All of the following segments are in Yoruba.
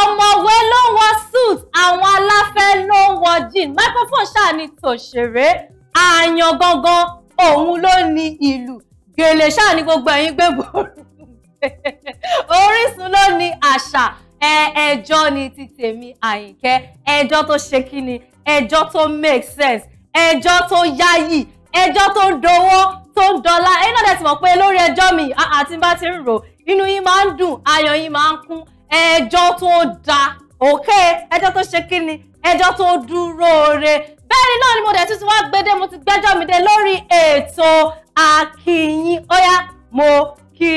ọ̀mọ̀wé ló ń wọ suit àwọn aláfẹ́ ló ń wọ jean microphone ṣáà ní tòṣèré àyàn gangan òun ló ní ìlú gèlè ṣáà ní gbogbo ẹ̀yin gbẹ̀gbọ̀ Orísun ló ní àṣà ẹjọ́ ni ti tèmi Àyìnkẹ́ ẹjọ́ tó ṣe kí ni tó make sense ẹjọ́ tó yáyì ẹjọ́ tó dowó tó ń dọ́là ẹ̀yin náà dẹ̀ ti mọ̀ pé lórí ẹjọ́ mi àti bá ti ń rò inú yín máa ń dùn ayọ̀ yín máa ń kún ẹjọ́ tó da òkè ẹjọ́ tó ṣe kí ni ẹjọ́ tó dúró re bẹ́ẹ̀ ni náà ni mo dẹ̀ tún ti wá gbédé mo ti gbẹ́jọ́ mi dé lórí ètò àkìyìn óyá mo kí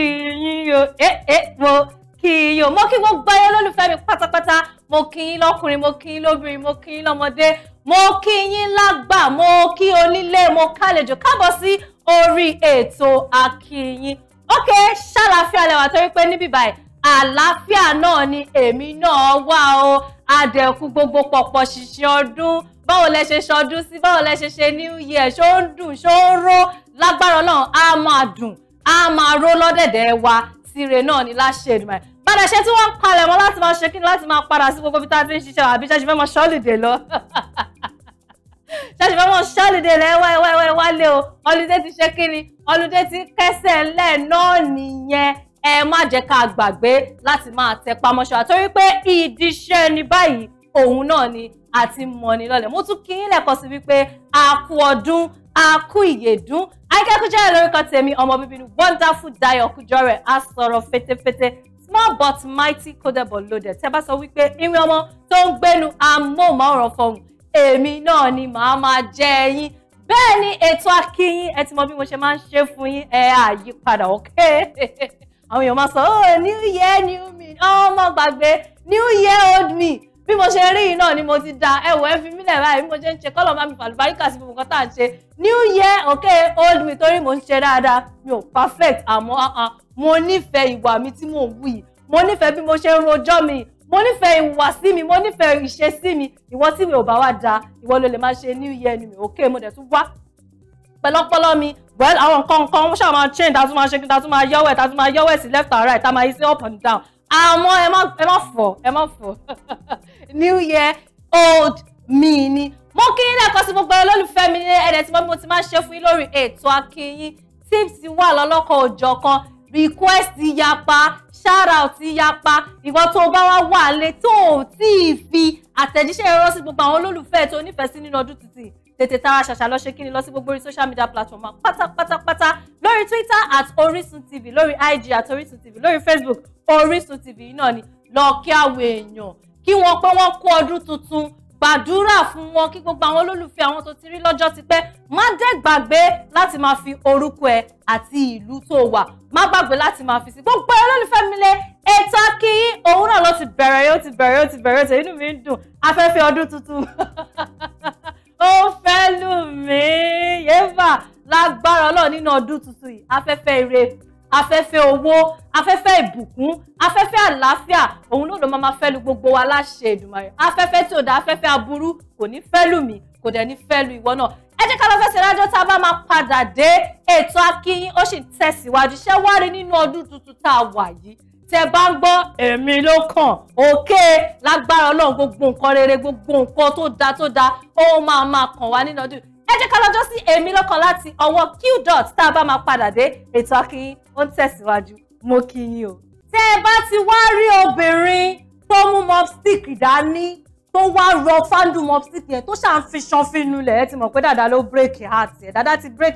yín o ẹ ẹ mo kí yín o mo kí gbogbo ayé olólùfẹ́ mi pátápátá mo kí yín lọ́kùnrin mo kí yín lóbìnrin mo kí yín mo kí yín lágbà mo kí onílé mo kálejò káàbọ̀ sí orí ètò àkìyìn ókè ṣàlàfíà lẹ́wà torí pé níbí báyìí àlàáfíà náà ni èmi náà wà o adẹ̀kú gbogbo pọ̀pọ̀ ṣìṣìn ọdún báwo lẹ ṣe ṣọdún sí báwo lẹ ṣe ṣe new year ṣó ń dùn ṣó ń ró lágbára Ọlọ́run á máa dùn á máa ró lọ́dẹ̀dẹ̀ wa tire náà ni láṣẹ Èdùmàrè padà ṣe tí wọ́n ń palẹ̀ mọ́ láti máa ṣe kí ni láti máa padà sí gbogbo bí tá a ti ń ṣiṣẹ́ àbí ṣáṣe fẹ́ mọ ṣọ́lìdè lọ ṣáṣe fẹ́ mọ ṣọ́lìdè lẹ wá ẹwà ẹwà ẹwà lé o ọlùdé ti ṣe kí ni ọlùdé ti kẹsẹ̀ ńlẹ̀ náà nìyẹn ẹ má jẹ́ ká gbàgbé láti máa tẹpá mọ́ṣọ́ àtọ́rí pé ìdíṣẹ́ ni báyìí òun náà ni àti mọ̀ni lọ́lẹ̀ mo tún kí yín lẹ́kọ̀ọ́ sí wípé a kú ọdún a kú ìyèdún akẹ́kọ̀ọ́jẹ́ lórúkọ tèmi ọmọ bíbí ni wonderful Dayọ̀ Kujore a sọ̀rọ̀ fetefete small but mighty codable loaded tẹ́ bá sọ wípé irin ọmọ tó ń gbénu amóhùnmáwòrán fọhùn èmi náà ni màá máa jẹ ẹyin bẹ́ẹ̀ ni ètò akínyìn ẹ ti mọ bí mo ṣe máa ń ṣe fún yín ẹ àyípadà okay àwọn èèyàn máa sọ oh new year new me ọmọ gbàgbé new year old me bí mo ṣe rí yìí náà ni mo ti da ẹwọ ẹ fi mí lẹ̀ báyìí bí mo ṣe ń ṣe kọlọ máa mi fàlùbáríkà sí gbogbo nǹkan tá à ń ṣe new year okay old me torí mo ń ṣe dáadáa mi ò perfect àmọ́ ah, ah, mo nífẹ̀ẹ́ ìwà mi tí mò ń wù yìí mo nífẹ̀ẹ́ bí mo ṣe ń rojọ́ mi mo nífẹ̀ẹ́ ìhùwàsí mi mo nífẹ̀ẹ́ ìṣesí mi ìwọ tí mi ò bá wá da ìwọ ló lè máa ṣe new year ni mi okay mo dẹ̀ tún wá pẹ̀lú ọpọlọ mi well àwọn nǹkan nǹkan wọ́n ṣáà máa chain. tàbí máa ṣe kí tàbí máa yọ̀wẹ̀ tàbí máa yọ̀wẹ̀ sí left and right tàbí máa yí sí up and down àmọ́ ẹ má ẹ má fọ̀ ẹ má fọ̀ new year old mi ni mo kí yín lẹ́ẹ̀kan sí gbogbo olólùfẹ́ mi ní ẹ̀dẹ̀ tí mo ti máa ṣe fún yín lórí ètò akínyín tips wà lọ́lọ́kan òjọ̀kan request yapa shout out yapa ìwọ tó o bá wá wà lé tó o tí ì fi àtẹ̀jíṣẹ́ ránṣẹ́ gbogbo àwọn olólùfẹ́ tó o nífẹ̀ẹ́ sí nínú ọdún tuntun tètè tara ṣàṣà lọ ṣe kí ni lọ sí gbogbo orí social media platform wa pátápátápátá lórí twitter at orisun tv lórí ig at orisun tv lórí facebook orisun tv náà ni lọ kí àwọn èèyàn kí wọ́n pé wọ́n kú ọdún tuntun gbàdúrà fún wọn kí gbogbo àwọn olólùfẹ́ àwọn tó ti rí lọ́jọ́ ti pẹ́ má dẹ̀ gbàgbé láti máa fi orúkọ ẹ àti ìlú tó wà má gbàgbé láti máa fi sí gbogbo olólùfẹ́ mi lé ètò akínyìn òun náà ló ti bẹ̀rẹ̀ yóò ti bẹ̀rẹ̀ yóò ti bẹ̀rẹ̀ yóò ti inú mi ń dùn afẹ́fẹ́ ọdún tuntun. ó fẹ́ lù mí yéèfà lágbára ọlọ́run nínú ọdún tuntun yìí afẹ́fẹ́ ire afẹ́fẹ́ owó afẹ́fẹ́ ìbùkún afẹ́fẹ́ àlàáfíà òun náà ló máa fẹ́ lu gbogbo wa láṣẹ Èdùmàrè afẹ́fẹ́ tí ò dá afẹ́fẹ́ aburú kò ní fẹ́ lù mí kò dẹ̀ ní fẹ́ lu ìwọ náà ẹ jẹ́ ká lọ fẹsẹ̀ rájọ́ tá a bá máa padà dé ètò akínyìn ó sì tẹ̀síwájú ṣẹ́ wá rí nínú ọdún tuntun tá a wà yìí tẹ bá ń gbọ́ èmi ló kàn òkè lágbára ọlọ́run gbogbo nǹkan rere gbogbo nǹkan tó da tó da ó máa máa kàn wá nínú ọdún ẹ jẹ́ ká lọ́jọ́ sí èmi ló láti ọwọ́ q dot tá a bá máa padà dé ètò akínyìn ó ń tẹ̀síwájú mo kí yín o. tẹ́ ẹ bá ti wá rí obìnrin tó mú mopstick dání tó wá rọ fáńdù mopstick yẹn tó ṣàn fínú lẹ̀ ẹ ti mọ̀ pé dàda ló break heart ẹ̀ dàda ti break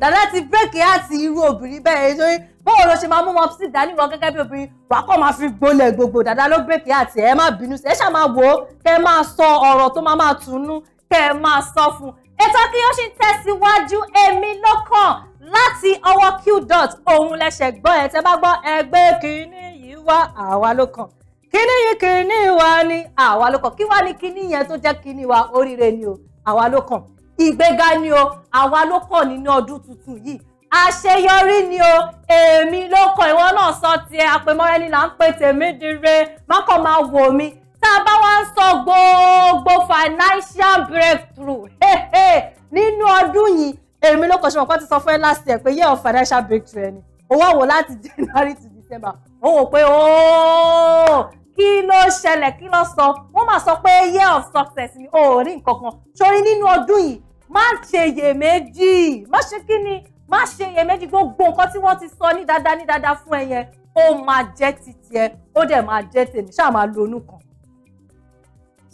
dàdá ti bírèkì àti irú obìnrin bẹ́ẹ̀ nítorí báwo ló ṣe máa mú wọn sí ìdánimọ̀ gẹ́gẹ́ bí obìnrin wàá kọ́ máa fi gbolẹ̀ gbogbo dàdá ló bírèkì àti ẹ má bínú sí ẹ ṣáà máa wò ó kẹ́ ẹ máa sọ ọ̀rọ̀ tó máa máa tùnú kẹ́ ẹ máa sọ fún un. ètò kí ó sì ń tẹ̀síwájú èmi lọ́kàn láti ọwọ́ q dot òun lẹ́sẹ̀ gbọ́ ẹ tẹ́ bá gbọ́ ẹgbẹ́ kìíní yìí wá àwa ló kàn kíní yìí kíní wa ni àwa ló kàn kí wá ni kíní yẹn tó jẹ́ ìgbéga ni o àwa ló kọ̀ nínú ọdún tuntun yìí àṣeyọrí ni o èmi ló kọ ìwọ náà sọ tiẹ̀ àpèmọ́rẹ́ni là ń pè tèmi dire má Ma máa wò mí tá a bá wá ń sọ gbogbo financial breakthrough nínú ọdún yìí èmi ló kọ ṣe mọ̀ pé ti sọ fún ẹ last year pé year of financial breakthrough ẹni owó àwò láti January to December ó wò pé ooo kí ló ṣẹlẹ̀ kí ló sọ wọ́n máa sọ pé year of success ni o ò rí nǹkan kan sórí nínú ọdún yìí má ṣe iyèméjì má ṣe kí ni má ṣe iyèméjì gbogbo nǹkan tí wọ́n ti sọ ní dáadáa ní dáadáa fún ẹ yẹn ó máa jẹ́ ti tiẹ̀ ó dẹ̀ máa jẹ́ tèmi ṣáà máa lonú kan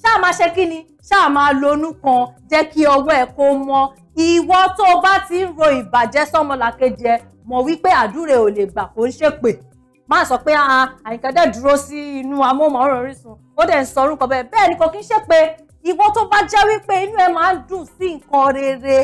ṣáà máa ṣe kí ni ṣáà máa lonú kan jẹ́ kí ọwọ́ ẹ kó mọ́ ìwọ tó o bá ti ń ro ìbàjẹ́ sọ́mọlàkejì ẹ mọ̀ wípé àdúrà ò lè gbà kó ń ṣépè má sọ pé àyìnkà dúró sí inú amóhùnmáwòrán Orísun ó dẹ̀ ń sọ orúkọ bẹ́ẹ̀ bẹ́ẹ̀ ni kò kí ń ṣépè ìwọ tó bá jẹ́ wípé inú ẹ máa ń dùn sí nǹkan rere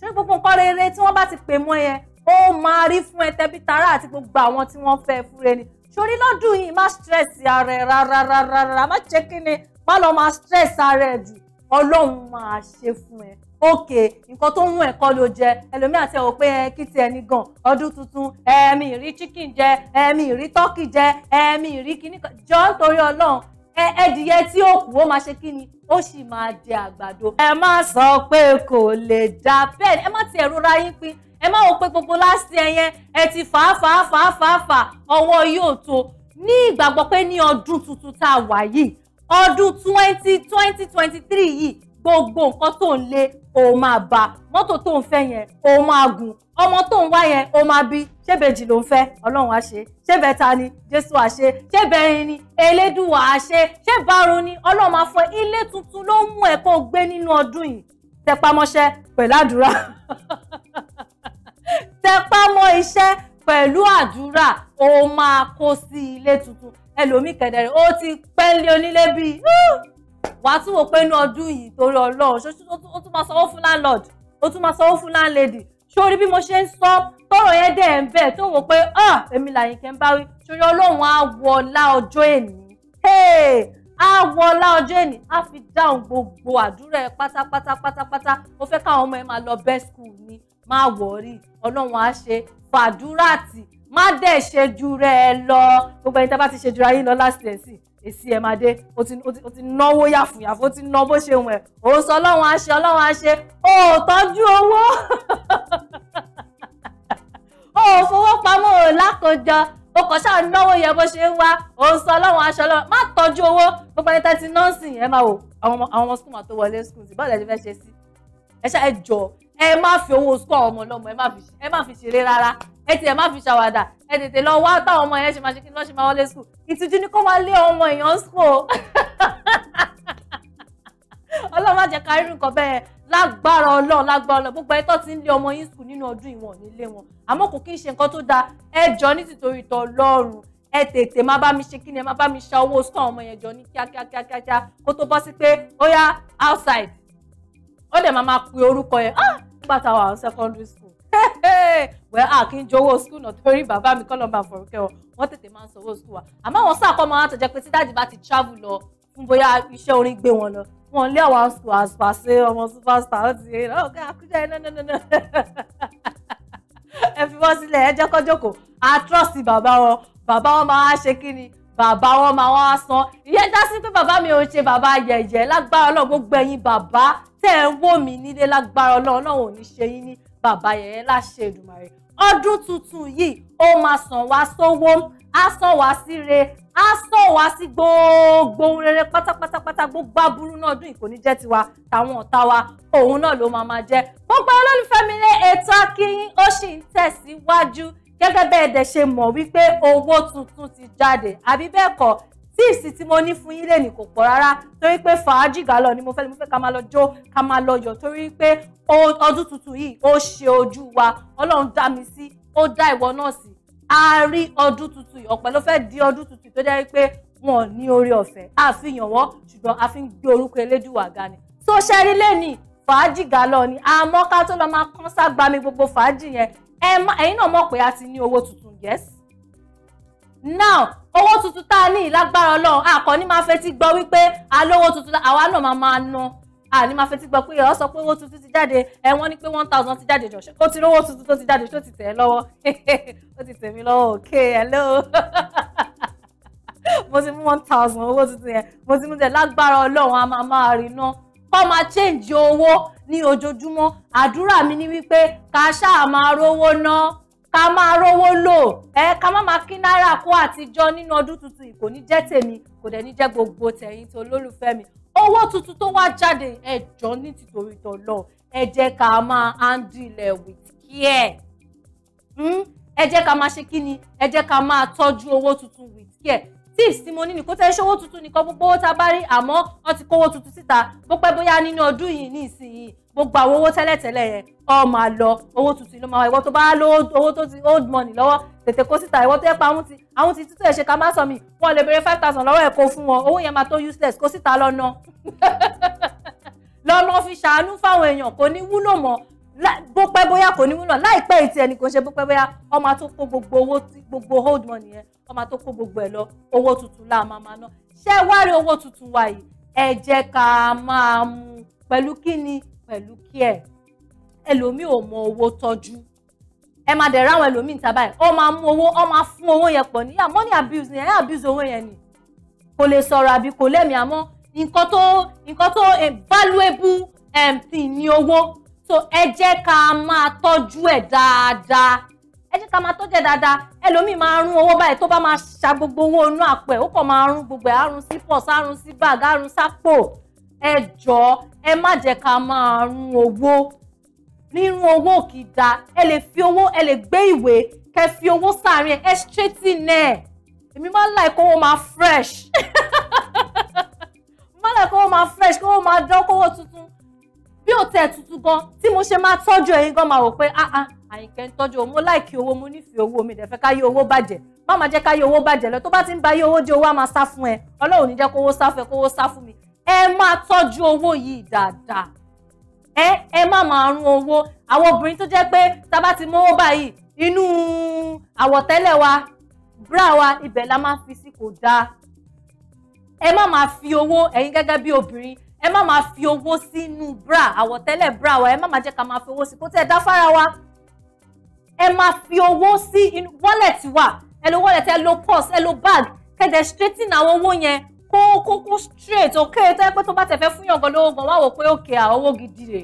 ṣé gbogbo nǹkan rere tí wọ́n bá ti pè mọ́ yẹn ó máa rí fún ẹ tẹbí tará àti gbogbo àwọn tí wọ́n fẹ́ fúre ni sórí lọ́dún yìí má stress ara ẹ rárá rárá rárá má jẹ́ kí ni má lọ máa stress ara ẹ jù ọlọ́run máa ṣe fún ẹ òkè nǹkan tó ń mú ẹ̀kọ́ ló jẹ ẹlòmíì àti ẹ̀wò pé kí ti ẹni gan ọdún tuntun ẹ̀ẹ̀mì ìrí chicken jẹ ẹ̀ẹ̀mì ìrí turkey jẹ ẹ̀ẹ̀mì ìrí kíní jọ nítorí ọlọ́run ẹdìyẹ tí ó kù ó máa ṣe kí ni ó sì máa jẹ àgbàdo. ẹ má sọ pé kò lè dá bẹ́ẹ̀ ẹ má ti ẹ̀rọ ra yín pín ẹ má wo pé gbogbo láti ẹyẹn ẹ ti fà á fà á fà á fà á fà ọwọ́ yóò tó ní ìgbàgbọ́ pé ní ọdún tuntun tá a wà yìí ọdún twenty twenty twenty three yìí gbogbo nǹkan tó ń lé òun máa bá mọ́tò tó ń fẹ́ yẹn òun máa gùn ọmọ tó ń wá yẹn òun máa bí ṣé bèjì ló ń fẹ́ ọlọ́run á ṣe ṣé bẹ́ta ni jésù á ṣe ṣé bẹ́rin ni elédùwà á ṣe ṣé bárun ni ọlọ́run máa fọ ilé tuntun ló mú ẹ kó gbé nínú ọdún yìí tẹpamọ́ṣẹ́ pẹ̀lú àdúrà tẹpamọ́ iṣẹ́ pẹ̀lú àdúrà ó máa kó sí ilé tuntun ẹlòmíì kẹ̀dẹ̀rẹ̀ ó ti pẹ́ lé onílé bíi wàá tún wò pé inú ọdún yìí torí ọlọ́run ó tún máa sanwó fún landlord ó tún máa sanwó fún landlady sórí bí mo ṣe ń sọ tọ́rọ̀ yẹn dẹ̀ ń bẹ̀ tó wò pé ah, èmi làyìnkẹ́ ń bá wí torí ọlọ́run á wọlá ọjọ́ èní á wọlá ọjọ́ èní á fi dáhùn gbogbo àdúrà ẹ pátápátá pátápátá mo fẹ́ káwọn ọmọ ẹ máa lọ best school ni má wọrí ọlọ́run á ṣe fàdúrà tì má dẹ̀ ṣe ju rẹ̀ lọ gbogbo ẹni tá a bá ti ṣe jura yín lọ last year sí èsì ẹ̀ máa dé o ti o ti náwó yàfùyàfù o ti ná bó ṣe wù ẹ́ òun sọ ọlọ́run á ṣe ọlọ́run á ṣe òòtọ́jú owó. ó fowó pamọ́ ò lákòjọ ó kọ̀ ṣáà náwó yẹn bó ṣe ń wá ó ń sọ ọlọ́run aṣọ ọlọ́run má tọ́jú owó gbogbo ẹni tẹ́tí nọ́ọ̀sì yẹn máa wò àwọn ọmọ skul máa tó wọlé skul sí bọ́ọ̀lù ẹni fẹ́ ṣe sí ẹ ṣáà ẹ jọ ẹ má fi owó skul àwọn ọmọ ọlọ́mọ ẹ má fi ṣeré rárá ẹ tiẹ̀ má fi ṣàwàdà ẹ tètè lọ wá táwọn ọmọ yẹn ṣe máa ṣe kí ni wọ́n ṣe máa wọlé skul ìtìjú ni kó máa lé ọmọ èèyàn skul ọlọ́run má jẹ́ ká nǹkan bẹ́ẹ̀ lágbára Ọlọ́run lágbára Ọlọ́run gbogbo ẹ̀tọ́ ti ń lé ọmọ yín sùn nínú ọdún ìwọ̀n nílé wọn àmọ́ kò kí ń ṣe nǹkan tó dáa ẹ jọ ní tìtorí tọ Ọlọ́run ẹ tètè má bá mi ṣe kí ni ẹ má bá mi ṣa owó sàn ọmọ yẹn jọ ní kíákíákíákíá kó tó bọ́ sí pé ó yá outside ó dẹ̀ máa máa pe orúkọ yẹn ah nígbà táwa àwọn secondary school wẹ́ à kí n jowó skul náà torí bàbá mi kọ́ lọ́ba àfọ̀rọ̀kẹ́ wọn wọ́n tètè máa ń sanwó skul wa àmọ́ àwọn sáà máa ń tọ̀jẹ́ pé tí bá ti travel lọ fún bóyá iṣẹ́ orin gbé wọn lọ wọn lé àwọn àṣpàṣe ọmọ superstar ó ti yẹn ọgá àkújá iná náà náà ẹ fi wọ́n sílẹ̀ ẹ jẹ́ kó jókòó àtrọ́sì bàbá wọn bàbá wọn máa ṣe kí ni bàbá wọn máa wá san ìyẹn já sí pé bàbá mi ò ṣe bàbá yẹ̀yẹ̀ lágbára Ọlọ́run gbogbo ẹ̀yin bàbá tẹ́ ẹ wò mí nílé lágbára Ọlọ́run Ọlọ́run ò ní ṣe yín ní bàbá yẹ̀yẹ̀ láṣẹ Èdùmàrè ọdún tuntun yìí ó máa san wá sówó á san wá síre Aso sọ wá sí gbogbo ohun rere pátápátápátá gbogbo aburú náà dún ìkòní jẹ́ tiwa tàwọn ọ̀tá wa òun náà ló máa máa jẹ́ gbogbo olólùfẹ́ mi lé ètò akínyìn ó sì ń tẹ̀síwájú gẹ́gẹ́ bẹ́ẹ̀ dẹ̀ ṣe mọ̀ wípé owó tuntun ti jáde àbí bẹ́ẹ̀ kọ́ tips tí mo ní fún yín lẹ́nìí kò pọ̀ rárá torí pé fàájì gàlọ́ ni mo fẹ́ mo fẹ́ ká máa lọ jó ká máa lọ yọ̀ torí pé ọdún tuntun yìí ó ṣe ojú wa ọlọ́run dá mi sí ó dá ìwọ náà sí a rí ọdún tuntun yìí ọ̀pẹ ló fẹ́ di ọdún tuntun tó jẹ́ pé wọn ò ní orí ọ̀fẹ́ àfihàn wọ́n ṣùgbọ́n a fi ń gbé orúkọ elédùwà ga ni tó ṣe rí lẹ́nìí fàájì ga lọ ni àmọ́ ká tó lọ máa kán ságbami gbogbo fàájì yẹn ẹ̀yin náà mọ̀ pé a ti ní owó tuntun yes now owó tuntun tá a ní ìlágbára ọlọ́run àkọ́ni máa fẹ́ ti gbọ́ wípé alówó tuntun àwa náà máa máa ná àní máa fetí gbọ́ pé ọ sọ pé owó tuntun ti jáde ẹ wọ́n ní pé one thousand ti jáde jọ ṣé o ti rówó tuntun tó ti jáde ṣó ti tẹ̀ ẹ́ lọ́wọ́ ó ti tẹ̀ mí lọ́wọ́ okay hello mo ti mú one thousand owó tuntun yẹn mo ti mú tẹ̀ lágbára ọlọ́run a máa máa rí iná kọ́ máa change owó ní ojoojúmọ́ àdúrà mi ni wípé ká ṣáà máa rówó ná ká máa rówó lò ẹ ká má máa kí náírà kó àtijọ́ nínú ọdún tuntun yìí kò ní jẹ́ tèmi kò dẹ̀ ní jẹ́ gbogbo tẹ̀yìn tó lólùfẹ́ mi owó tuntun tó wá jáde ẹjọ́ ní tìtorí tọlọ ẹ jẹ́ ká máa handle with care hmm? ẹ jẹ́ ká máa ṣe kí ni ẹ jẹ́ ká máa tọ́jú owó tuntun with care tips tí mo ní ni kó tẹ́ ṣówó tuntun nìkan gbogbo owó tá a bá rí àmọ́ wọ́n ti kówó tuntun síta bó pẹ́ bóyá nínú ọdún yìí ní ìsinyìí gbogbo àwọn owó tẹ́lẹ̀tẹ́lẹ̀ yẹn ó máa lọ owó tuntun ló máa wá ìwọ tó bá lówó owó tó ti old money lọ́wọ́ tètè kó síta ìwọ tó yẹ pa àwọn ti àwọn ti títẹ̀ ṣe ká má sọ mi wọn lè béèrè five thousand lọ́wọ́ ẹ̀ kó fún wọn owó yẹn máa tó useless kó síta lọ́nà lọ́nà fi ṣàánú fáwọn èèyàn kò ní wúlò mọ́ bó pẹ́ bóyá kò ní wúlò láìpẹ́ ìtì ẹni kò ṣe bó pẹ́ bóyá ọmọ tó kó gbogbo owó gbogbo hold money yẹn ọmọ tó kó gbogbo ẹ̀ lọ owó tuntun la máa máa ná ṣé wá rí owó tuntun wa yìí ẹ jẹ́ ká máa mú pẹ̀lú kíni pẹ̀lú kí ẹ̀ ẹlòmíì ò mọ owó tọ́jú ẹ máa dẹ̀ ráwọn ẹlòmíì níta báyìí ọ máa mú owó ọ máa fún owó yẹn pọ̀ níyà money abuse ni ẹ abuse owó yẹn ni kò lè sọ̀rọ̀ àbí kò lẹ́mìí àmọ́ nǹkan tó nǹkan tó eh, valuable eh, thing ni owó so ẹ jẹ́ ká máa tọ́jú ẹ̀ dáadáa ẹ jẹ́ ká máa tọ́jú ẹ̀ dáadáa ẹlòmíì máa rún owó báyìí tó bá máa ṣa gbogbo owó inú àpò ẹ̀ ó kàn máa rún gbogbo ẹ̀ àrùn sí pọ̀s àrùn sí bag àrùn sápò ẹ jọ̀ọ́ ẹ má jẹ́ ká máa rún owó nínú owó òkìdá ẹ lè fi owó ẹ lè gbé ìwé kẹ fi owó sáàrin ẹ straighten ẹ èmi máa ń láì kówó máa fresh máa ń láì kówó máa fresh kówó máa dán kówó tuntun bí ò tẹ̀ tuntun gan tí mo ṣe máa tọ́jú ẹ̀yin gan máa wò pé ah ah àyìnkẹ́ ń tọ́jú owó mo láìkí owó mo nífẹ̀ẹ́ owó mi dẹ̀ fẹ́ ká yé owó bàjẹ́ má máa jẹ́ ká yé owó bàjẹ́ lọ tó bá ti ń ba yé owó jẹ́ owó á máa sá fún ẹ ọlọ́run ní jẹ́ kówó sá fún ẹ kówó sá fún mi ẹ máa tọ́jú owó yìí dáadáa ẹ ẹ má máa rún owó àwọn obìnrin tó jẹ pé tá a bá ti mówó báyìí inú àwọ̀tẹ́lẹ̀ wa bra wa ibẹ̀ la máa fi sí kò dáa ẹ má máa fi owó ẹyin gẹ́gẹ́ bí obìnrin ẹ má máa fi owó sínú bra àwọ̀tẹ́lẹ̀ bra wa ẹ má máa jẹ ká máa fi owó sí kó tẹ́ ẹ dá fára wa ẹ máa fi owó sí inú wọ́lẹ̀tì wa ẹ lo elu ẹ lo ẹ lo bag kede straighten àwọn owó yẹn kó kó kó straight ok tó yẹ pé tó bá tẹ̀ fẹ́ fún yàngàn lówó gan wá wò pé òkè à owó gidi rè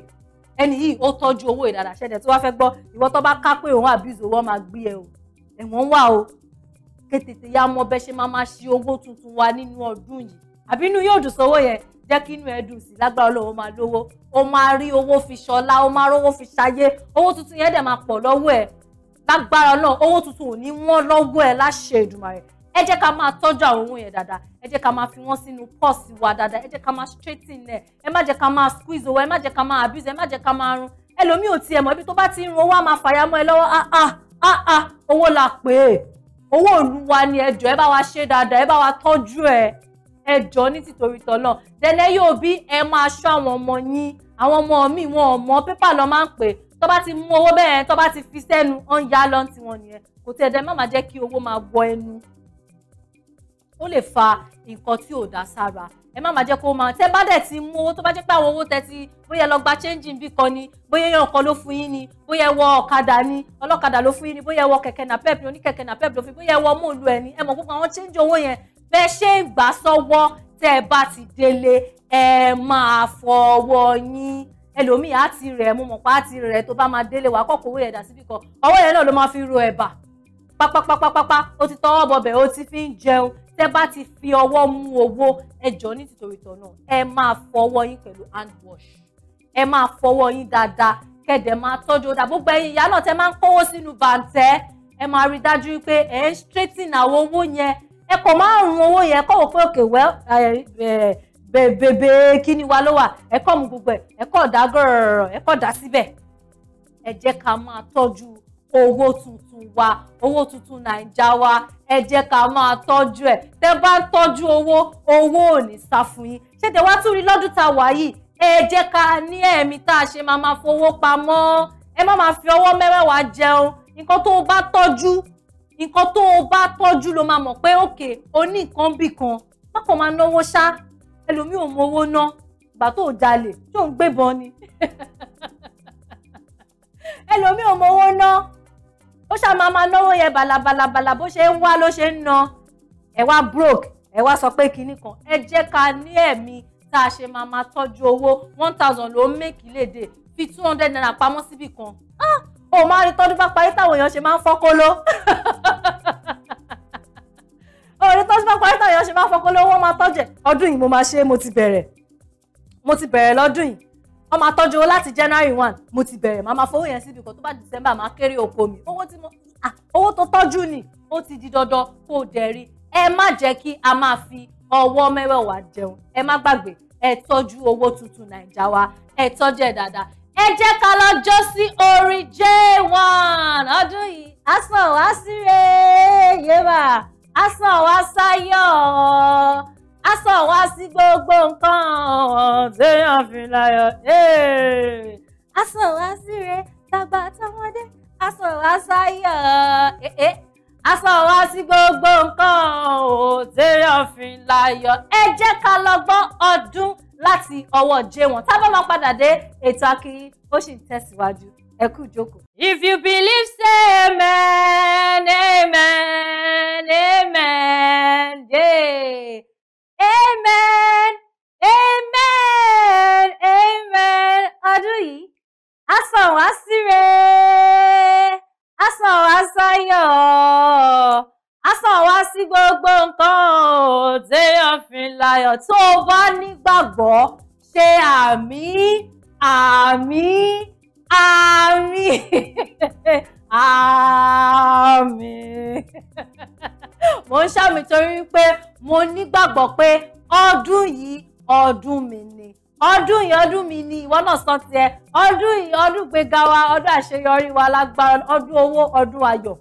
ẹni yìí ó tọ́jú owó ìdàdà ṣẹ̀dẹ̀ tó wá fẹ́ gbọ́ ìwọ tó bá ká pé òun àbízo wọn máa gbé ẹ o ẹ̀wọ̀n wà o kétété yá mọ bẹ́ ṣe máa máa ṣe owó tuntun wa nínú ọdún yìí àbí inú yóò dùn sówó yẹn jẹ́ kí inú ẹ dùn sí lágbára Ọlọ́run máa lówó o máa rí owó fi ṣọlá o máa rówó fi ṣayé owó tuntun yẹn dẹ̀ máa pọ̀ lọ́wọ́ ẹ lágbára Ọlọ́run owó tuntun ò ní wọ́n lọ́wọ́ ẹ láṣẹ Èdùmàrè ẹ jẹ́ ká máa tọ́jú àwọn ohun yẹn dáadáa ẹ jẹ́ ká máa fi wọ́n sínú pọ́ọ̀sì wa dáadáa ẹ jẹ́ ká máa straighten ẹ̀ ẹ má jẹ́ ká máa squeeze owó ẹ má jẹ́ ká máa abuse ẹ má jẹ́ ká máa run ẹlòmíì ò tiẹ̀ mọ̀ ibi tó bá ti ń run owó á fàyà mọ́ ẹ lọ́wọ́ ah ah ah ah owó la pè é owó olúwa ni ẹ ẹ bá wa ṣe dáadáa ẹ bá wa tọ́jú ẹ ẹ jọ̀ọ́ ní tìtorí tọ́lọ̀ dẹ́nẹ́ yóò bí ẹ máa ṣọ́ àwọn ọmọ yín àwọn ọmọ mi wọn ò mọ pépà lọ máa ń pè é tó bá ti mú owó bẹ́ẹ̀ tó bá ti fi sẹ́nu ọ̀n yá lọ́n tiwọn nìyẹn kò tiẹ̀ dẹ́ má máa jẹ́ kí owó máa wọ ẹnu ó lè fa nǹkan tí ò dá sára ẹ má má jẹ́ kó máa tẹ́ bá dẹ̀ ti mú owó tó bá jẹ́ pé àwọn owó tẹ́ ti bóyá lọ gba changing bí kan ni bóyá èèyàn kan ló fún yín ni bóyá ẹ wọ ọ̀kadà ni ọlọ́kadà ló fún yín ni bóyá ẹ wọ kẹ̀kẹ́ napep ni oníkẹ̀kẹ́ napep ló fi bóyá ẹ wọ ẹ ni ẹ mọ̀ gbogbo àwọn change owó yẹn bẹ́ẹ̀ ṣe ń gbà sọ́wọ́ tẹ́ ẹ bá ti délé ẹ máa fọwọ́ yín ẹlòmíì á ti rẹ̀ mo mọ̀ pé á ti rẹ̀ tó bá máa délé wàá kọ́kọ́ owó yẹn dà síbì kan ọwọ́ yẹn náà ló máa fi ro ẹ̀bà pápápápápá ó ti tọwọ́ bọbẹ̀ ó ti fi ń jẹun tẹ́ bá ti fi ọwọ́ mú owó ẹ jọ̀ọ́ ní tìtorí tọ̀nà ẹ máa fọwọ́ yín pẹ̀lú hand wash ẹ máa fọwọ́ yín dáadáa kẹ̀dẹ̀ máa tọ́jú ọ̀dà gbogbo ẹ̀yin ìyá náà tẹ́ máa ń kówó sínú bàǹtẹ́ ẹ máa rí dájú pé ẹ ń straighten àwọn owó yẹn ẹ kò máa ń run owó yẹn kọ́ wò pé òkè wẹ́ bèbè kíni wa ló wà ẹ kọ́ mu gbogbo ẹ̀ ẹ kọ́ dá gọ̀rọ̀ ẹ kọ́ dá síbẹ̀ ẹ jẹ́ ká máa tọ́jú owó tuntun wa owó tuntun naija wa ẹ jẹ́ ká máa tọ́jú ẹ̀ tẹ́ bá ń tọ́jú owó owó ò ní sá fún yín ṣé tẹ́ wá tún rí lọ́dún tá a wà yìí ẹ jẹ́ ká ní ẹ̀mí tá a ṣe máa máa fowó pamọ́ ẹ má máa fi ọwọ́ mẹ́wẹ̀ẹ̀wá jẹun nǹkan tó o bá tọ́jú nǹkan tó o bá tọ́jú ló máa mọ̀ pé òkè o ní nǹkan bì kan má kàn máa náwó ṣá ẹlòmíì ò mọ owó ná ìgbà tó o jalè tó ń gbébọn ni ẹlòmíì ò mọ owó ná ó ṣáà máa máa náwó yẹn balabalabala bó ṣe ń wá ló ṣe ń na ẹ wá broke ẹ wá sọ pé kinní kan ẹ jẹ́ ká ní ẹ̀mí tá a ṣe máa máa tọ́jú owó one thousand ló ń mèkì léde fi two hundred naira pamọ́ síbì kan ah! ó máa rí tọ́dún bá parí táwọn èèyàn ṣe máa ń fọ́kóló orí tọ́jú bá parí táwọn èèyàn ṣe máa ń fọ́kóló wọ́n máa tọ́jẹ̀ ọdún yìí mo máa ṣe é mo ti bẹ̀rẹ̀ mo ti bẹ̀rẹ̀ lọ́dún yìí wọ́n máa tọ́jú owó láti January one mo ti bẹ̀rẹ̀ màá máa fowó yẹn síbi kan tó bá December máa kéré oko mi owó tí mo owó tó tọ́jú ni ó ti di dandan kó o dẹ̀ rí ẹ má jẹ́ kí a máa fi ọwọ́ mẹ́wẹ̀ẹ̀wá jẹun ẹ má gbàgbé ẹ tọ́jú owó tuntun Nàìjà wa ẹ tọ́jú ẹ̀ dáadáa ẹ jẹ́ ká lọ jó sí orin J1 ọdún yìí àsán wá síre yéwà àsán wá sáyọ̀ wá sí gbogbo nǹkan téèyàn fi láyọ̀ aṣọ síre tàgbà tọmọdé aṣọ sáyọ̀ eh, eh. aṣọ sí gbogbo nǹkan téèyàn fi láyọ̀ ẹ jẹ́ ká lọ ọdún láti ọwọ́ J1 tá máa padà dé ètò Àkíìyín ó sì ń tẹ̀síwájú ẹ kú ìjókòó. if you believe say amen amen amen yeah amen amen amen ọdún yìí a sọ wá síre a sọ wá sáyọ̀ a sọ wá sí gbogbo nǹkan ò téèyàn fi láyọ̀ tó o bá nígbàgbọ́ ṣe àmì àmì àmì àmì mo ń ṣàmì torí pé mo nígbàgbọ́ pé ọdún yìí ọdún mi ni ọdún yìí ọdún mi ni ìwọ náà sọ tiẹ̀ ọdún yìí ọdún gbéga wa ọdún àṣeyọrí wa lágbára ọdún owó ọdún ayọ̀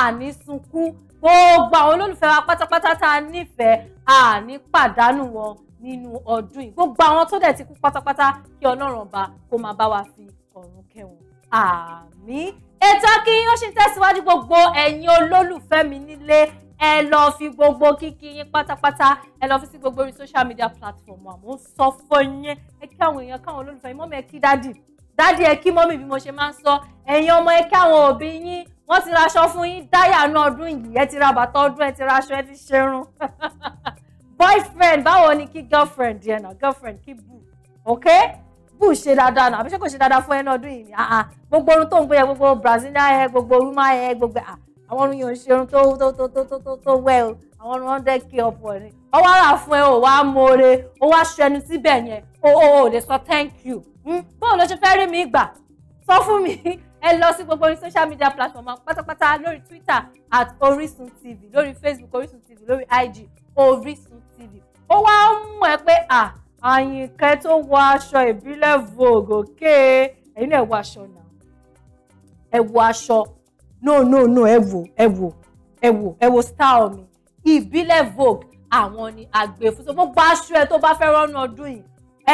àní sunkún gbogbo àwọn olólùfẹ́ wa pátápátá tá a nífẹ̀ẹ́ àní pàdánù wọn nínú ọdún yìí gbogbo àwọn tó dẹ̀ ti kú pátápátá kí ọlọ́run ọba kó máa bá wa fi ọ̀run kẹ́ wọn àmín ètò kí ó ṣì ń tẹ̀síwájú gbogbo ẹ̀yin olólùfẹ́ mi nílé ẹ lọ fi gbogbo kíkí yín pátápátá ẹ lọ fi sí gbogbo orí social media platform àmọ́ sọ fún yín ẹ kí àwọn èèyàn káwọn olólùfẹ́ yín mọ́mí ẹ kí dádì dádì ẹ kí mọ́mí bí mo ṣe máa ń sọ ẹ̀yin ọmọ ẹ kí àwọn òbí yín wọ́n ti raṣọ fún yín dáyà náà ọdún yìí ẹ ti ra bàtà ọdún ẹ ti raṣọ ẹ ti ṣerun boyfriend báwo ni kí girlfriend yẹn náà girlfriend kí bù ok bù ṣe dáadáa náà àbíṣe kò ṣe dáadáa fún ẹ náà ọdún yìí ah, ah. gbogbo orun tó ń gbé yẹ gbogbo Brazilian hair gbogbo ruma hair gbogbo ah àwọn orun yẹn ò ṣe orun tó tó tó tó tó tó tó wẹ́ o àwọn orun hundred k ọ̀pọ̀ ni ọwọ́ ara fún ẹ ò wá mọ̀ọ́re ó wá ṣẹnu síbẹ̀ yẹn o ò ò lè sọ thank you hmm? bóun ló ṣe fẹ́ rí mi gbà sọ fún mi ẹ lọ sí gbogbo orí social media platform pátápátá lórí Twitter at Orisun TV lórí Facebook Orisun TV lórí IG Orisun TV ó wá mú ẹ pé à Àyìnkẹ́ tó wọ aṣọ ìbílẹ̀ Vogue òkè ẹ̀yin náà ẹ wọ aṣọ náà ẹ wọ aṣọ no no no ẹ wò ẹ wò ẹ wò ẹ wò style mi ìbílẹ̀ vogue àwọn ni àgbè fún so gbogbo aṣọ ẹ tó bá fẹ́ rọ́nù ọdún yìí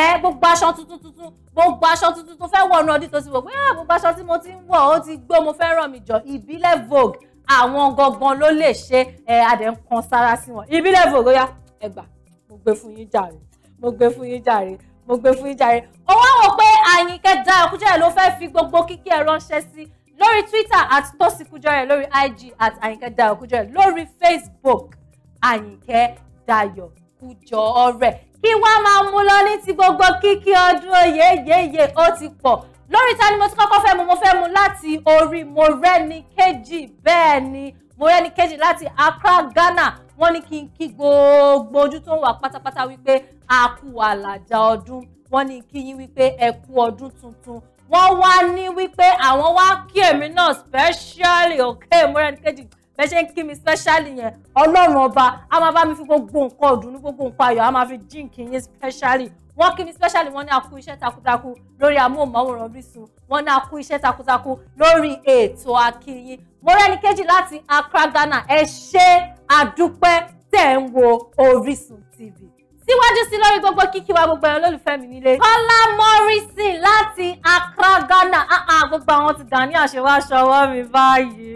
ẹ gbogbo aṣọ tuntun tuntun gbogbo aṣọ tuntun tó fẹ́ wọ̀nù ọdún tó ti wò pé ẹ ah, gbogbo aṣọ tí mo ti ń wọ̀ ó ti gbó mo fẹ́ ràn mí jọ ìbílẹ̀ vogue àwọn gangan ló lè ṣe ẹ adẹ̀ ń kan sára sí wọn ìbílẹ̀ vogue ó yá ẹ gbà mo gbé fún yín jàre mo gbé fún yín jàre mo gbé fún yín jàre ó wá wò pé Àyìnkẹ́ Dayọ̀ Kújẹ́rẹ́ ló fẹ́ fi gbogbo kíkí ẹ ránṣẹ́ sí lórí twitter at tosi kujore lórí ig at àyìnkẹ́ Dayo kujore lórí facebook àyìnkẹ́ dayọ̀ kujore kí wá máa mú lọ ní ti gbogbo kíkí ọdún oyè oh, yeye ó ti pọ̀ lórí ta ni mo ti kọ́kọ́ fẹ́ mu mo fẹ́ mu láti orí Mọ́rẹ́níkejì bẹ́ẹ̀ ni Mọ́rẹ́níkejì láti Accra Ghana wọ́n ní kí n kí gbogbo ojú tó ń wà pátápátá wípé a kú àlàjá ọdún wọ́n ní kí yín wípé ẹ kú ọdún tuntun wọ́n wá ní wípé àwọn wá kí èmi náà specially okay Mọ́rẹ́nikẹ́jì bẹ́ẹ̀ ṣe ń kí mi specially yẹn ọlọ́run ọba a máa bá mi fi gbogbo nǹkan ọ̀dùn ní gbogbo nǹkan ayọ̀ a máa fi jíǹkì yín specially wọ́n kí mi specially wọ́n ní a kú iṣẹ́ takuntakun lórí amóhùnmáwòrán Orísun wọ́n ní a kú iṣẹ́ takuntakun lórí ètò Àkíìyín Mọ́rẹ́nikẹ́jì láti Accra Ghana ẹ ṣé àdúpẹ́ tẹ̀ ń wo Orísun TV síwájú sí lórí gbogbo kíkí wa gbogbo ẹ̀rọ lólùfẹ́ mi nílé. Kọ́lá Morrison láti Accra Ghana ah, ah, gbogbo àwọn ti dà ní àṣewá ṣọwọ́ mi báyìí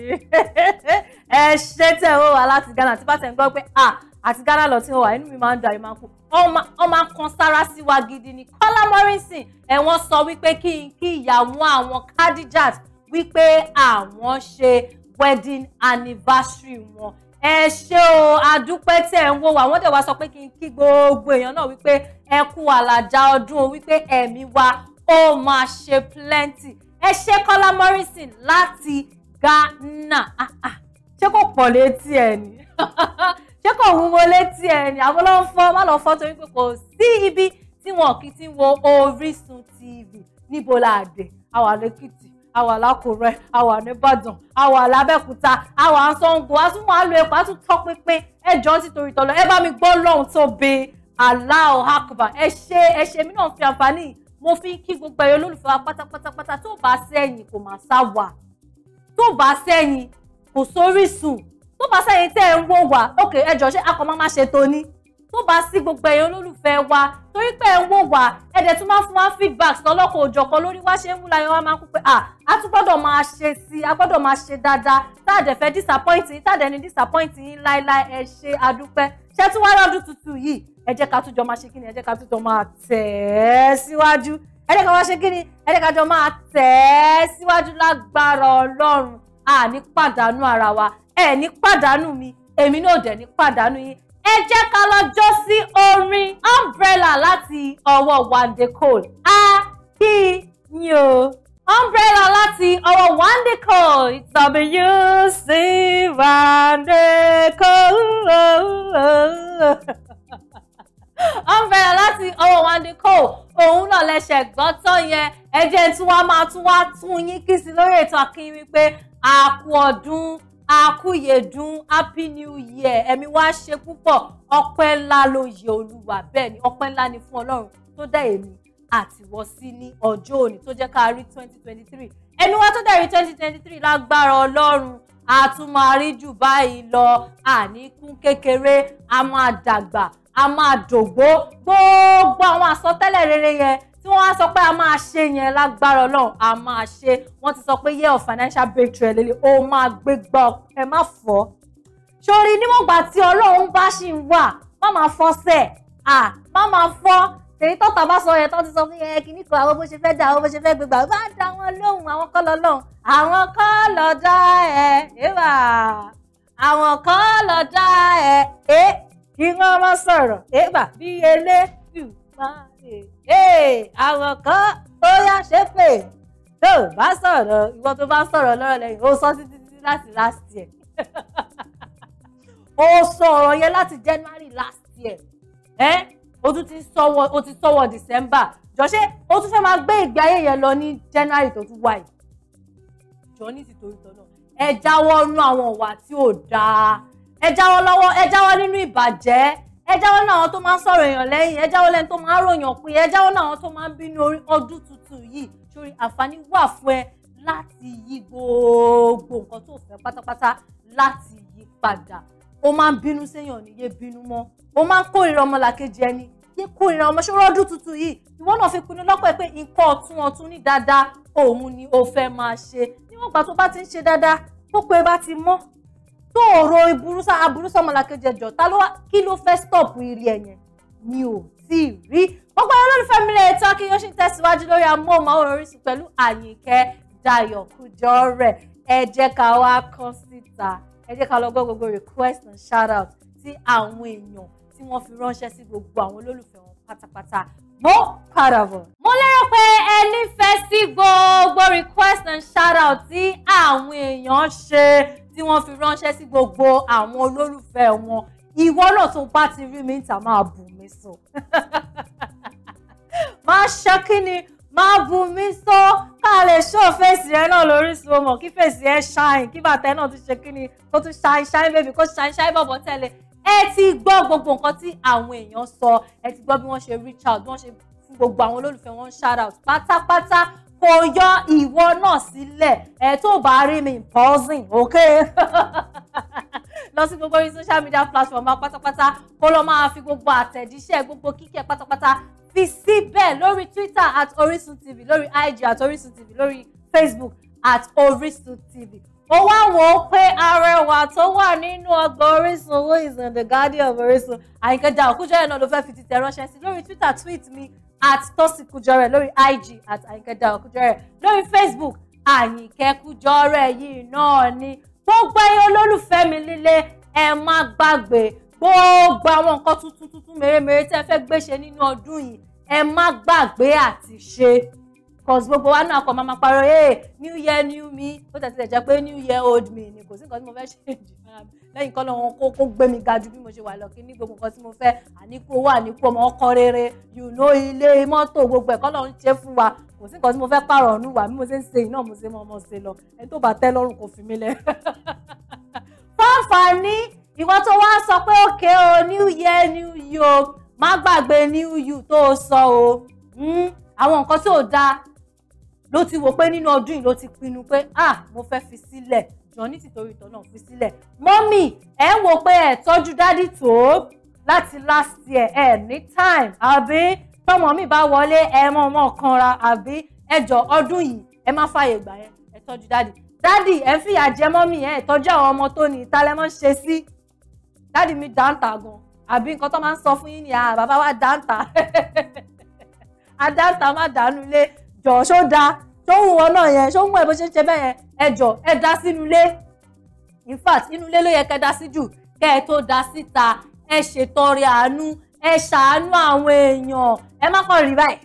ẹ ṣe tẹ̀ ó wà láti Ghana tí bá tẹ̀ ń gbọ́ pé ah, àti Ghana lọ tí ó wà inú mi máa ń dùn àyè máa kú ọ máa kan sára sí wa gidi ni Kọ́lá Morrison ẹ̀wọ̀n sọ wípé kí n kí ìyàwó àwọn Khadijat wípé àwọn ṣe wedding anniversary wọn ẹ ṣé o adúpẹ́ tẹ̀ ń wo àwọn dẹ̀ wá sọ pé kí n kí gbogbo èèyàn náà wípé ẹ kú àlàjá ọdún o wípé ẹ̀mí wa ó máa ṣe plenty ẹ ṣé Kọ́lá Morrison láti Ghana ah, ah, ṣé kò pọ̀ létí ẹ̀ ni ṣé kò wúwo létí ẹ̀ ni àwọn ọlọ́run fọ́ má lọ fọ́ torí pé kò sí ibi tí wọn kì í ti wo Orísun TV níbo la dé àwọn àlekìtì a wà lákùrẹ́ a wà nìbàdàn a wà lábẹ́kúta a wà sango a tún wà lo epo a tún tọ́ pínpín ẹjọ́ títorí tọ́lọ ẹ bá mi gbọ́ lọ́hùn tó be Allahu Akbar ẹ ṣe ẹ ṣe mí náà fi àǹfààní mo fi ń kí gbogbo ẹyọ olólùfẹ́ wa pátápátápátá tó bá sẹ́yìn kò má sá wà tó bá sẹ́yìn kò sórísun tó bá sẹ́yìn tẹ́ ẹ ń wò wá ókè ẹjọ́ ṣé akọ máa má ṣe tóní tó bá sí gbogbo ẹ̀yin olólùfẹ́ wa torí pé ẹ̀ ń wò wá ẹ̀dẹ̀ tún máa ń fún wa feedback lọ́lọ́kọ̀ òjọ̀kan lórí wá ṣe ń wúlò ayọ̀ wa máa ń kú pé à á tún gbọ́dọ̀ máa ṣe sí i á gbọ́dọ̀ máa ṣe dáadáa tá a dẹ̀ fẹ́ disappoint yín tá a dẹ̀ ní disappoint yín láéláé ẹ ṣe adúpẹ́ ṣé tún wá lọ́dún tuntun yìí ẹ jẹ́ ká tún jọ máa ṣe kí ni ẹ jẹ́ ká tún jọ máa tẹ̀ ẹ́ síwájú ẹ jẹ́ ká wá ṣe kí ni ẹ jẹ́ ká jọ máa tẹ̀ ẹ́ síwájú lágbára ọlọ́run àní pàdánù ara wa ẹ̀ ní pàdánù mi èmi náà dẹ̀ ní pàdánù yín ẹ jẹ́ ká lọ jó sí orin umbrella láti ọwọ́ Wande Cole a kí ni o umbrella láti ọwọ́ Wande Cole wc Wande Cole umbrella láti ọwọ́ Wande Cole òun náà lẹ́sẹ̀ gbọ́ tán yẹn ẹ jẹ́ tí wọ́n máa tún wá tún yín kí sí lórí ètò Àkíìyín wípé a ọdún àkúyèdùn happy new year ẹ̀mí wá ṣe púpọ̀ ọpẹ́ ńlá ló yẹ olúwa bẹ́ẹ̀ ni ọpẹ́ ńlá ni fún ọlọ́run tó dá èmi àtiwọ́ sí ní ọjọ́ òní tó jẹ́ ká rí twenty twenty three ẹnu wa tó dẹ̀rí twenty twenty three lágbára ọlọ́run a tún máa rí jù báyìí lọ àníkún kékeré a máa dàgbà a máa dògbó gbogbo àwọn àsọtẹ́lẹ̀ rere yẹn tí wọ́n á sọ pé a máa ṣe yẹn lágbára ọlọ́run a máa ṣe wọ́n ti sọ pé year of financial breakthrough lélẹ̀ ó máa gbé gbọ́ ẹ má fọ́ sórí níwọ̀ngbà tí ọlọ́run bá ṣì ń wà má máa fọ́ sẹ̀ à má máa fọ́ èyí tọ́ta bá sọ yẹn tó ti sọ fún yẹn kìíní kan àwọn bó ṣe fẹ́ dà àwọn bó ṣe fẹ́ gbégbà bá dá wọn lóhùn àwọn kọ́ lọ lọ́hùn àwọn kọ́ lọ dá ẹ ẹ̀wà àwọn kọ́ lọ dá ẹ ẹ ìran ọmọ sọ̀rọ̀ ẹ̀wà bí elé máa àwọn kan ó yá ṣe pé tó bá sọ̀rọ̀ ìwọ tó bá sọ̀rọ̀ lọ́rọ̀ lẹ́yìn ó sọ títí títí láti last year ó sọ ọ̀rọ̀ yẹn láti January last year ẹ́ ó tún ti sọ̀wọ́ ó ti sọ̀wọ́ December jọ̀ṣẹ́ ó tún fẹ́ máa gbé ìgbé ayé yẹn lọ ní January tó tún wáyé jọ ní tìtorí tọ́nà ẹ jáwọ́ nú àwọn ìwà tí ò dáa ẹ jáwọ́ lọ́wọ́ ẹ jáwọ́ nínú ìbàjẹ́ ẹ jáwọ́ náà àwọn tó máa ń sọ̀rọ̀ èèyàn lẹ́yìn ẹ jáwọ́ lẹ́ni tó máa ń ròyàn pé ẹ jáwọ́ náà àwọn tó máa ń bínú ọdún tuntun yìí sórí àǹfààní wà fún ẹ láti yí gbogbo nǹkan tó fẹ́ pátápátá láti yí padà ó máa ń bínú séèyàn ní yé bínú mọ́ ó máa ń kórìíra ọmọlàkejì ẹni yé kórìíra ọmọ ṣòro ọdún tuntun yìí ìwọ náà fi pinnu lọ́pọ̀ pé nǹkan ọ̀tún ni ó fẹ́ máa ṣe níwọ̀n ìgbà tó bá tó ọ̀rọ̀ ìburúsá aburúsá ọmọlàkejì ẹjọ́ ta ló wá kí ló fẹ́ stop rí ẹ̀yẹn mi ò tí ì rí gbogbo ẹ̀rọ olólùfẹ́ mi lè tán kí yóò ṣì ń tẹ̀síwájú lórí amóhùnmáwòrán Orísun pẹ̀lú Àyìnkẹ́ Dayọ̀ Kújọrẹ̀ ẹ jẹ́ ká wá kán síta ẹ jẹ́ ká lọ gbọ́ gbogbo request and shout out tí àwọn èèyàn tí wọ́n fi ránṣẹ́ sí gbogbo àwọn olólùfẹ́ wọn pátápátá mo padà bọ̀. mo lérò pé ẹ nífẹ̀ẹ́ sí gbogbo request and shout out tí àwọn èèyàn ṣe tí wọ́n fi ránṣẹ́ sí gbogbo àwọn olólùfẹ́ wọn ìwọ náà tó bá ti rí mi níta máa bù mí sọ máa ṣe kí ni máa bù mí sọ ká lè ṣó fèsì rẹ náà lórí sọ mọ kí fèsì ẹ ṣáìn kí bàtà ẹ náà tún ṣe kí ni kó tún ṣáìn ṣáìn bèbí kó ṣáìn ṣáìn bọ̀bọ̀ tẹ́lẹ̀ ẹ ti gbọ́ gbogbo nǹkan tí àwọn èèyàn sọ ẹ ti gbọ́ bí wọ́n ṣe reach out bí wọ́n ṣe fún gbogbo àwọn olólùfẹ́ wọn shout out pátápátá kò yọ ìwọ náà sílẹ̀ ẹ̀ tó bá rí mi pausing ok lọ sí gbogbo orí social media platform wa pátápátá kó lọ máa fi gbogbo àtẹ̀jíṣẹ́ gbogbo kíkẹ́ pátápátá fi síbẹ̀ lórí Twitter at Orisun TV lórí IG at Orisun TV lórí Facebook at Orisun TV ó wá wò ó pé arẹwà tó wà nínú ọgbà Orísun who is in the guardian of Orísun àyíkẹ́jà òkújọ́ yẹn náà ló fẹ́ fi ti tẹ̀ ránṣẹ́ sí lórí Twitter tweet mi at Tosin Kujore lórí IG at Àyìnkẹ́ Dayọ̀ Kujore lórí Facebook Àyìnkẹ́ Kujore yìí náà ni gbogbo ẹ̀yin olólùfẹ́ mi líle ẹ má gbàgbé gbogbo àwọn nǹkan tuntun tuntun mèremère tí ẹ fẹ́ gbé ṣe nínú ọdún yìí ẹ má gbàgbé àti ṣe cause gbogbo wa náà kọ máa parọ́ ee new year new me ó tẹ̀ tẹ̀ jẹ́ pé new year old me ni kò sí nǹkan tí mo fẹ́ ṣe jù fún mi lẹ́yìn kọ́ lọ́wọ́ kó kó gbé mi ga ju bí mo ṣe wà lọ kí ní gbogbo nǹkan tí mo fẹ́ àníkú owó àníkú ọmọ ọkọ rere you know ilé mọ́tò gbogbo ẹ̀ kọ́ lọ́wọ́ ń ṣe fún wa kò sí nǹkan tí mo fẹ́ pààrọ̀ ọ̀nù wa bí mo ṣe ń ṣe iná mo ṣe mọ ọmọ ṣe lọ ẹni tó bá tẹ́ lọ́rùn kò fi mí lẹ̀. fáfani ìwọ tó wá sọ pé òkè o new year new you má gbàgbé new you tó sọ o hmm? àwọn nǹkan tí dáa ló ti wò pé nínú ọdún yìí ló ti pinnu pé ah mo fẹ́ fi sílẹ̀ jọ ní tìtorí ìtọ́ náà fi sílẹ̀ mọ́mì ẹ̀ ń wò pé ẹ̀ tọ́jú dádì tó láti last year ẹ̀ ní time àbí tọmọ mi bá wọlé ẹ̀ mọ ọmọ kanra àbí ẹjọ ọdún yìí ẹ má fààyè gbà yẹn ẹ tọ́jú dádì dádì ẹ fìyà jẹ mọ́mì ẹ tọ́jú àwọn ọmọ tó ní ìtàlẹ́mọ́ ṣe sí dádì mi dáńtà gan àbí nǹkan tó máa ń sọ fún yín ni ah, bàbá wa dáńtà adáńtà má dànù lé jọ̀ọ́ ṣó dáa ṣó ń wọn náà yẹn ṣó ń wọn ẹ bó ṣe ń ṣe bẹ́ẹ̀ yẹn ẹ jọ̀ọ́ ẹ dá sínú ilé in fact inú ilé ló yẹ kẹ́ dá sí jù kẹ́ ẹ tó dá síta ẹ ṣètọrẹ àánú ẹ ṣàánú àwọn èèyàn ẹ má kàn rí báyìí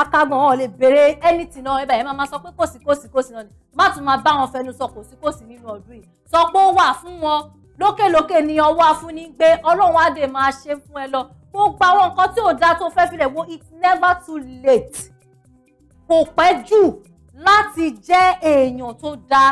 akágbọn wọn lè béèrè anything náà ẹ báyìí ẹ máa sọ pé kòsí kòsí kòsí náà ni má tún máa bá wọn fẹnu sọ kòsí kòsí nínú ọdún yìí sọ pé ó wà fún wọn lókèlókè ni ọwọ́ afúnni ń gbé ọlọ́run á dè máa ṣe fún ẹ lọ mo gba àwọn nǹkan tí ò dáa tó fẹ́ filẹ̀ wo it's never too late kò pẹ́ jù láti jẹ́ èèyàn tó dáa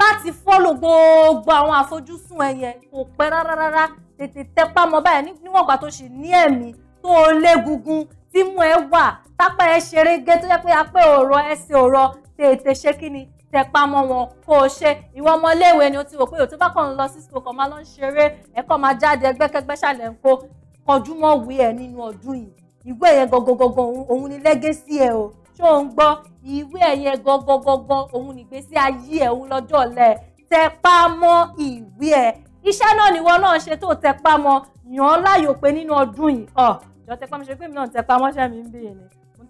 láti fọ́lọ̀ gbogbo àwọn àfojúsùn ẹ̀yẹ kò pẹ́ rárá rárá tètè tẹpá mọ́ báyìí níwọ̀n ìgbà tó ṣì ní ẹ̀mí tó légungun tí mú ẹ wà tápá ẹ ṣerégé tó jẹ́ pé apẹ́ ọ̀rọ̀ ẹsẹ̀ ọ̀rọ̀ tètè ṣe kí ni tẹpá mọ́ wọn kó o ṣe ìwọ ọmọléèwé ni o ti wò pé òtún bá kàn ń lọ sí school kan máa lọ ń ṣeré ẹ̀kọ́ máa jáde ẹgbẹ́kẹ́gbẹ́ ṣàlẹ̀ ń kó kọjú mọ́ wí ẹ̀ nínú ọdún yìí ìwé yẹn gọgọgọgọ òun ni lẹ́gẹ́sí ẹ o ṣó ń gbọ́ ìwé ẹ̀yẹ gangan gangan òun nìgbésí ayé ẹ̀ òun lọ́jọ́ ọ̀lẹ́ tẹpá mọ́ ìwé ẹ̀ iṣẹ́ náà nìwọ náà ṣe tó tẹpá mọ́ yàn án láyò pé nínú ọdún yìí ọ̀ jọ tẹpá mọ́ ṣe pé mi náà tẹpá mọ́ṣẹ́ mi ń bì ní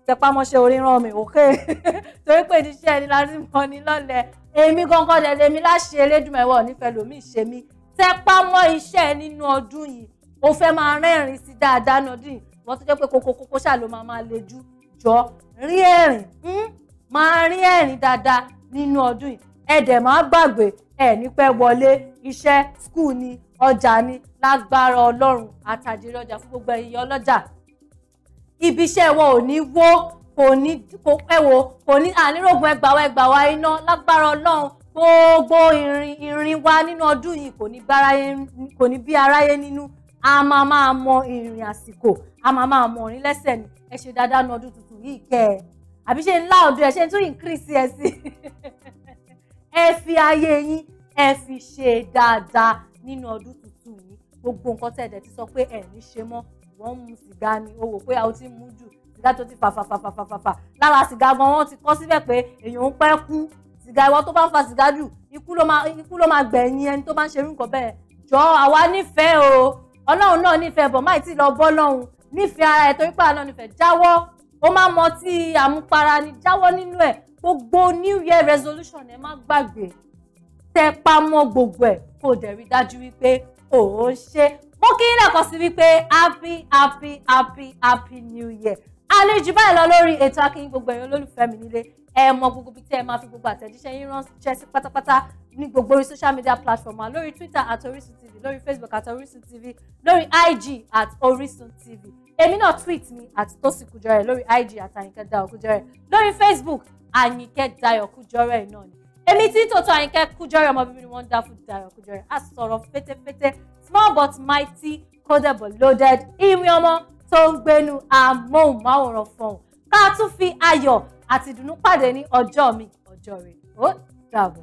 tẹpá mọ́ṣẹ́ oríran mi òkè torí pé ìdíṣẹ́ ẹni láti mọ́ ni lọ́lẹ̀ èmi gangan dẹ̀ lèmi láṣẹ elédùnmẹ̀wọ̀ nífẹ̀ẹ́ lòmí ṣe mí tẹpá mọ́ iṣẹ́ nínú ọdún yìí o fẹ́ máa rẹ́rìn sí dáadáa nọdún yìí wọ́n tó jẹ́ pé kókó kókó ṣáà máa máa lejú jọ rí ẹ̀rín hmm? máa rí ẹ̀rín dáadáa nínú ọdún yìí ẹ dẹ̀ máa gbàgbé ẹ pẹ́ wọlé iṣẹ́ skul ni ọjà ni lágbára ọlọ́run àtàjèrè ọjà fún gbogbo ẹ̀yìn ọlọ́jà ibi iṣẹ́ wọn ò ní wó kò ní ẹ wo kò ní ànírògùn ẹgbàá ẹgbàá iná lágbára ọlọ́run gbogbo ìrìn ìrìn wa nínú ọdún yìí kò ní bí aráyé nínú a máa máa mọ ìrìn àsìkò a máa máa mọ ìrìn lẹ́sẹ̀ ni ẹ ṣe dáadáa ní ọdún tuntun yìí kẹ àbí ṣe ń lá ọdún ẹ ṣe ń tún increase ẹ sí ẹ fi ayé yín ẹ fi ṣe dáadáa nínú ọdún tuntun yìí gbogbo nǹkan tẹ̀ dẹ̀ ti sọ pé ẹ̀ ní ṣe mọ́ wọ́n mu sìgá ni o wò pé a ó ti mú jù sìgá tó ti fàfàfàfàfà lára sìgá gan wọ́n ti kọ́ síbẹ̀ pé èèyàn ń pẹ́ kú sìgá ìwọ tó bá ń fa sìgá jù ikú ló máa gbẹ̀yìn ẹni tó bá ń ṣerú nǹkan bẹ́ẹ̀ jọ àwa nífẹ̀ẹ́ o ọlọ́run náà nífẹ̀ẹ́ bọ̀ máì tí lọ bọ́ lọ́hùn nífẹ̀ẹ́ ara ẹ̀ torí pé àlọ́ nífẹ̀ẹ́ jáwọ́ ó máa mọ tí àmupara ni jáwọ́ nínú ẹ̀ gbogbo new year resolution ẹ má gbàgbé tẹ pamọ́ gbogbo ẹ̀ kó dẹ̀ rí dájú wípé ò ń ṣe mo kí yín lẹ́kọ̀ọ́ sí wípé happy happy happy happy new year àlejò báyìí lọ lórí ètò akínyìn gbogbo ẹ̀yin olólùfẹ́ mi nílé ẹ mọ gbogbo bí tẹ́ ẹ máa fi gbogbo àtẹ̀jíṣẹ́ yín ránṣẹ́ sí pátápátá ní gbogbo orí social media platform wa Twitter at Orisun TV lórí Facebook at Orisun TV lórí IG at Orisun TV èmi náà tweet mi at Tosin Kujore lórí IG at Àyìnkẹ́ Dayọ̀ Kujore lórí Facebook Àyìnkẹ́ Dayọ̀ Kujore náà ni èmi tí tòótọ́ Àyìnkẹ́ Kujore ọmọ bíbí ni wọ́n dá fún Dayọ̀ Kujore a sọ̀rọ̀ fẹ́tẹ́fẹ́tẹ́ small but mighty coded but loaded ìwé ọmọ tó ń gbénu amóhùnmáwòrán fọ̀hún ká tún fi ayọ̀ àti ìdùnnú pàdé ní ọjọ́ mi ọjọ́ rẹ̀ ó dàbọ̀.